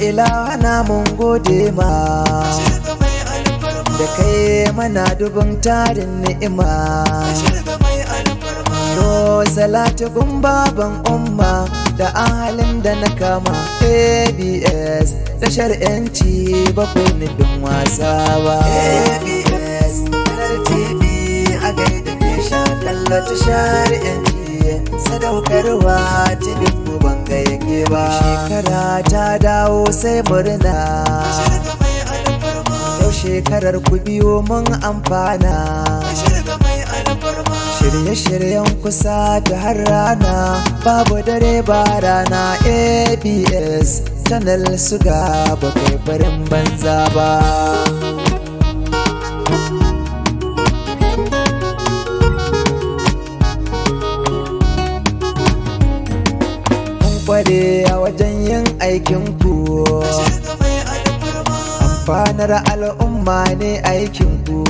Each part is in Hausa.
ilaha na mun gode ma da kai mana dubin tarin ni'ima yo salatu gun baban umma da ahalin da na kama abs da shar'anci bakwai nufin wasa ba abs tv a gaida ke sha kallata shar'anci sadaukarwa ta tudun sai murna yau shekarar ku biyo mun amfana shirye-shiryen kusa da har rana babu dare ba rana abs channel suga ba barin banza ba kware a wajen yin aikin ku amfanar al'umma ne aikin ku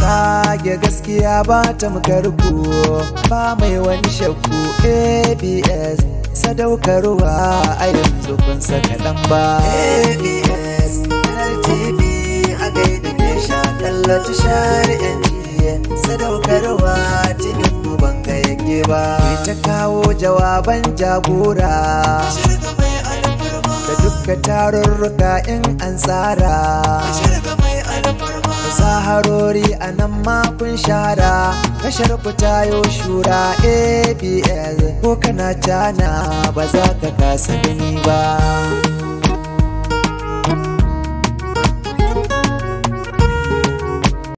sage gaskiya ba ta ku ba mai wani shakku abs sadaukarwa a yanzu kun saka lamba abs ltv a gaida gaisha tushar yanzu sadaukarwa Mai ba ta kawo jawaban jagora da dukka tarurruka in an tsara saharori a nan makon shara tashar ku tayo shura abs ko kana cana ba za ka kasa gani ba